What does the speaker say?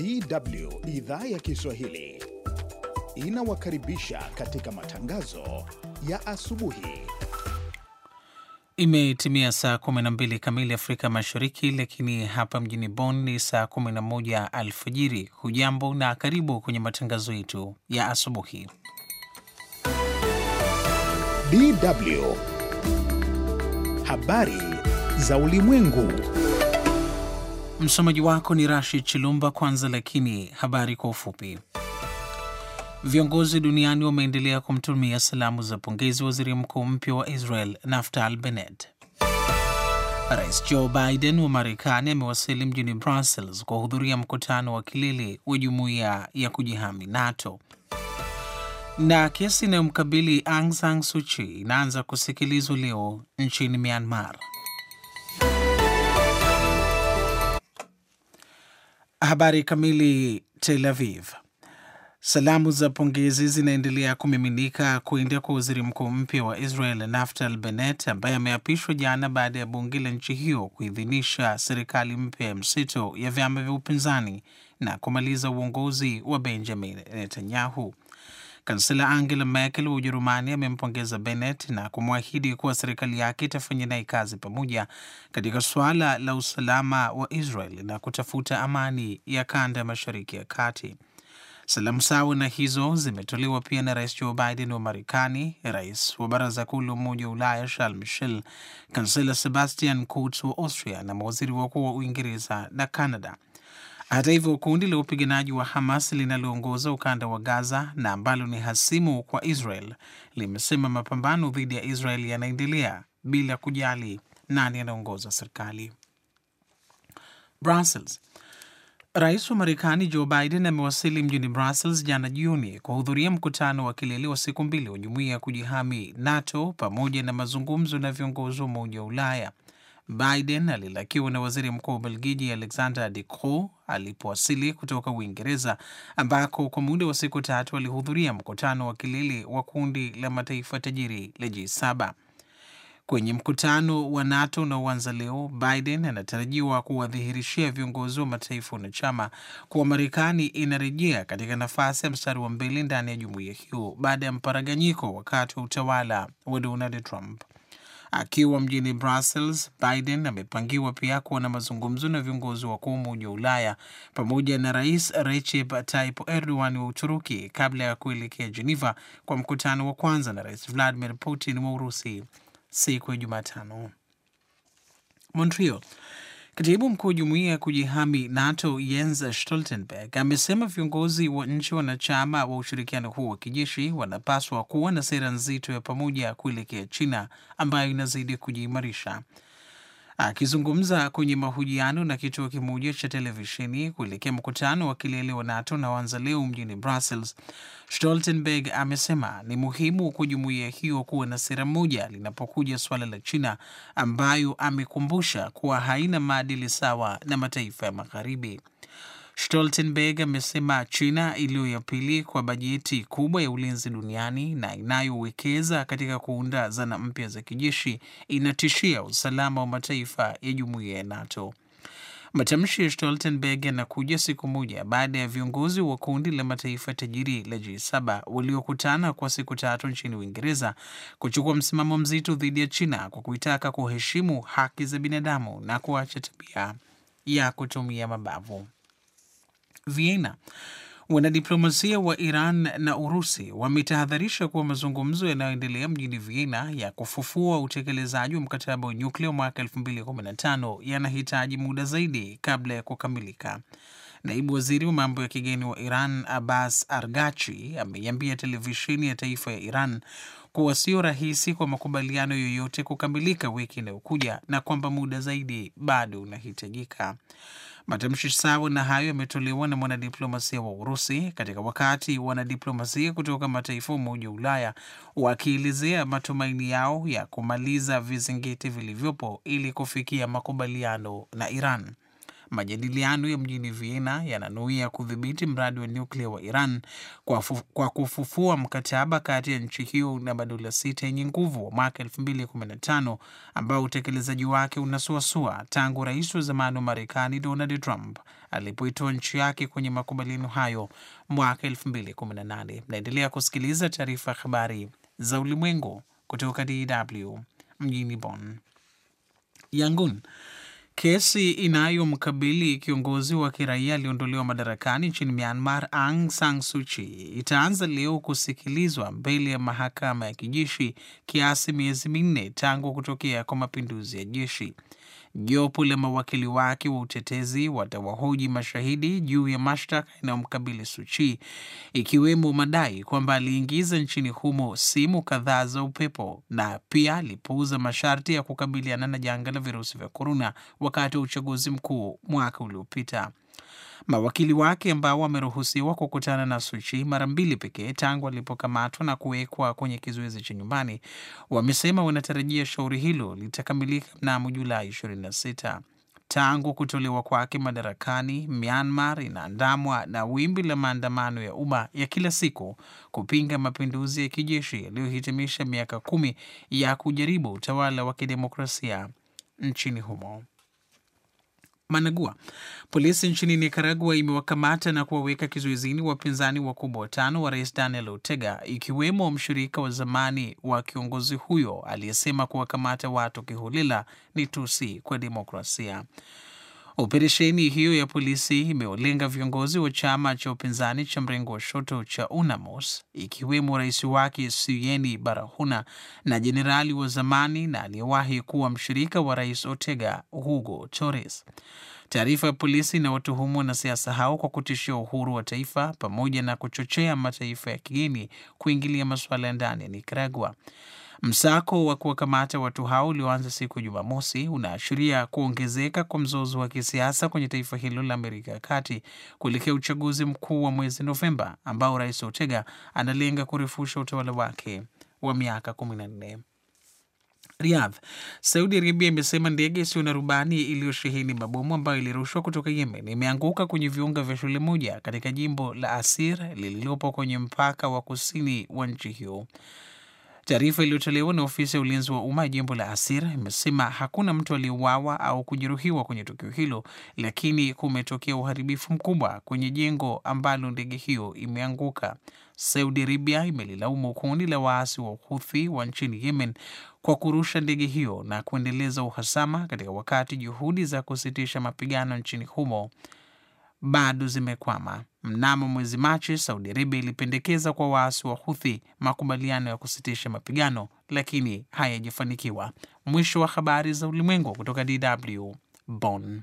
DW idhaa ya Kiswahili inawakaribisha katika matangazo ya asubuhi. Imetimia saa 12 kamili Afrika Mashariki, lakini hapa mjini Bonn ni saa 11 alfajiri. Hujambo na karibu kwenye matangazo yetu ya asubuhi. DW habari za ulimwengu Msomaji wako ni Rashid Chilumba. Kwanza lakini habari kwa ufupi. Viongozi duniani wameendelea kumtumia salamu za pongezi waziri mkuu mpya wa Israel Naftali Bennett. Rais Joe Biden wa Marekani amewasili mjini Brussels kuhudhuria mkutano wa kilele wa jumuiya ya kujihami NATO. Na kesi inayomkabili Aung San Suu Kyi inaanza kusikilizwa leo nchini Myanmar. Habari kamili. Tel Aviv. Salamu za pongezi zinaendelea kumiminika kuingia kwa waziri mkuu mpya wa Israel Naftali Bennett ambaye ameapishwa jana baada ya bunge la nchi hiyo kuidhinisha serikali mpya ya mseto ya vyama vya upinzani na kumaliza uongozi wa Benjamin Netanyahu. Kansela Angela Merkel wa Ujerumani amempongeza Bennett na kumwahidi kuwa serikali yake itafanya naye kazi pamoja katika suala la usalama wa Israel na kutafuta amani ya kanda ya Mashariki ya Kati. Salamu sawa na hizo zimetolewa pia na Rais Joe Biden wa Marekani, rais wa Baraza Kuu la Umoja wa Ulaya Charles Michel, kansela Sebastian Kurz wa Austria na mawaziri wakuu wa Uingereza na Canada. Hata hivyo, kundi la upiganaji wa Hamas linaloongoza ukanda wa Gaza na ambalo ni hasimu kwa Israel limesema mapambano dhidi ya Israel yanaendelea bila kujali nani anaongoza serikali. Brussels. Rais wa Marekani Joe Biden amewasili mjini Brussels jana jioni kuhudhuria mkutano wa kilele wa siku mbili wa jumuiya ya kujihami NATO pamoja na mazungumzo na viongozi wa Umoja wa Ulaya. Biden alilakiwa na waziri mkuu wa Ubelgiji Alexander De Croo alipowasili kutoka Uingereza, ambako kwa muda wa siku tatu alihudhuria mkutano wa kilele wa kundi la mataifa tajiri la G7. Kwenye mkutano wa NATO unaoanza leo, Biden anatarajiwa kuwadhihirishia viongozi wa mataifa wanachama kuwa Marekani inarejea katika nafasi ya mstari wa mbele ndani ya jumuiya hiyo baada ya mparaganyiko wakati wa utawala wa Donald Trump. Akiwa mjini Brussels, Biden amepangiwa pia kuwa na mazungumzo na viongozi wakuu wa Umoja wa Ulaya pamoja na Rais Recep Tayyip Erdogan wa Uturuki kabla ya kuelekea Geneva kwa mkutano wa kwanza na Rais Vladimir Putin wa Urusi siku ya Jumatano. Montreal. Katibu mkuu wa jumuiya ya kujihami NATO Jens Stoltenberg amesema viongozi wa nchi wanachama wa ushirikiano huu wa kijeshi wanapaswa kuwa na sera nzito ya pamoja kuelekea China ambayo inazidi kujiimarisha. Akizungumza kwenye mahojiano na kituo kimoja cha televisheni kuelekea mkutano wa kilele wa NATO na wanza leo mjini Brussels, Stoltenberg amesema ni muhimu kwa jumuiya hiyo kuwa na sera moja linapokuja suala la China, ambayo amekumbusha kuwa haina maadili sawa na mataifa ya Magharibi. Stoltenberg amesema China iliyo ya pili kwa bajeti kubwa ya ulinzi duniani na inayowekeza katika kuunda zana mpya za kijeshi inatishia usalama wa mataifa ya jumuiya ya NATO. Matamshi ya Stoltenberg yanakuja siku moja baada ya viongozi wa kundi la mataifa tajiri la G7 waliokutana kwa siku tatu nchini Uingereza kuchukua msimamo mzito dhidi ya China kwa kuitaka kuheshimu haki za binadamu na kuacha tabia ya kutumia mabavu. Vienna. Wanadiplomasia wa Iran na Urusi wametahadharisha kuwa mazungumzo yanayoendelea mjini Vienna ya kufufua utekelezaji wa mkataba wa nyuklia mwaka 2015 yanahitaji muda zaidi kabla ya kukamilika. Naibu waziri wa mambo ya kigeni wa Iran Abbas Argachi ameiambia televisheni ya taifa ya Iran kuwa sio rahisi kwa makubaliano yoyote kukamilika wiki inayokuja na kwamba muda zaidi bado unahitajika. Matamshi sawa na hayo yametolewa na mwanadiplomasia wa Urusi katika wakati wanadiplomasia kutoka mataifa Umoja wa Ulaya wakielezea matumaini yao ya kumaliza vizingiti vilivyopo ili kufikia makubaliano na Iran. Majadiliano ya mjini Vienna yananuia kudhibiti mradi wa nyuklia wa Iran kwa, kwa kufufua mkataba kati ya nchi hiyo na madola sita yenye nguvu wa mwaka 2015 ambao utekelezaji wake unasuasua tangu rais wa zamani wa Marekani Donald Trump alipoitoa nchi yake kwenye makubaliano hayo mwaka 2018. Naendelea kusikiliza taarifa ya habari za ulimwengu kutoka DW mjini Bonn. Yangon Kesi inayomkabili kiongozi wa kiraia aliyeondolewa madarakani nchini Myanmar Aung San Suu Kyi itaanza leo kusikilizwa mbele ya mahakama ya kijeshi kiasi miezi minne tangu kutokea kwa mapinduzi ya jeshi. Jopo la mawakili wake wa utetezi watawahoji mashahidi juu ya mashtaka yanayomkabili Suchi, ikiwemo madai kwamba aliingiza nchini humo simu kadhaa za upepo na pia alipuuza masharti ya kukabiliana na janga la virusi vya korona wakati wa uchaguzi mkuu mwaka uliopita. Mawakili wake ambao wameruhusiwa kukutana na Suchi mara mbili pekee tangu alipokamatwa na kuwekwa kwenye kizuizi cha nyumbani wamesema wanatarajia shauri hilo litakamilika mnamo Julai 26. Tangu kutolewa kwake madarakani, Myanmar inaandamwa na wimbi la maandamano ya umma ya kila siku kupinga mapinduzi ya kijeshi yaliyohitimisha miaka kumi ya kujaribu utawala wa kidemokrasia nchini humo. Managua. Polisi nchini Nicaragua imewakamata na kuwaweka kizuizini wapinzani wakubwa watano wa rais Daniel Ortega, ikiwemo mshirika wa zamani wa kiongozi huyo aliyesema kuwakamata watu kiholela ni tusi kwa demokrasia. Operesheni hiyo ya polisi imeolenga viongozi wa chama cha upinzani cha mrengo wa shoto cha UNAMOS, ikiwemo rais wake Sieni barahuna na jenerali wa zamani na aliyewahi kuwa mshirika wa rais Ortega, Hugo Torres. Taarifa ya polisi na wanasiasa hao kwa kutishia uhuru wa taifa pamoja na kuchochea mataifa ya kigeni kuingilia masuala ya ndani ya nikaragua Msako wa kuwakamata watu hao ulioanza siku ya Jumamosi unaashiria kuongezeka kwa mzozo wa kisiasa kwenye taifa hilo la Amerika ya Kati kuelekea uchaguzi mkuu wa mwezi Novemba ambao Rais Ortega analenga kurefusha utawala wake wa miaka 14. Riyadh. Saudi Arabia imesema ndege isiyo na rubani iliyosheheni mabomu ambayo ilirushwa kutoka Yemen imeanguka kwenye viunga vya shule moja katika jimbo la Asir lililopo kwenye mpaka wa kusini wa nchi hiyo. Taarifa iliyotolewa na ofisi ya ulinzi wa umma ya jimbo la Asir imesema hakuna mtu aliyeuawa au kujeruhiwa kwenye tukio hilo, lakini kumetokea uharibifu mkubwa kwenye jengo ambalo ndege hiyo imeanguka. Saudi Arabia imelilaumu kundi la waasi wa Huthi wa nchini Yemen kwa kurusha ndege hiyo na kuendeleza uhasama katika wakati juhudi za kusitisha mapigano nchini humo bado zimekwama. Mnamo mwezi Machi, Saudi Arabia ilipendekeza kwa waasi wa Huthi makubaliano ya kusitisha mapigano, lakini hayajafanikiwa. Mwisho wa habari za ulimwengu kutoka DW Bonn.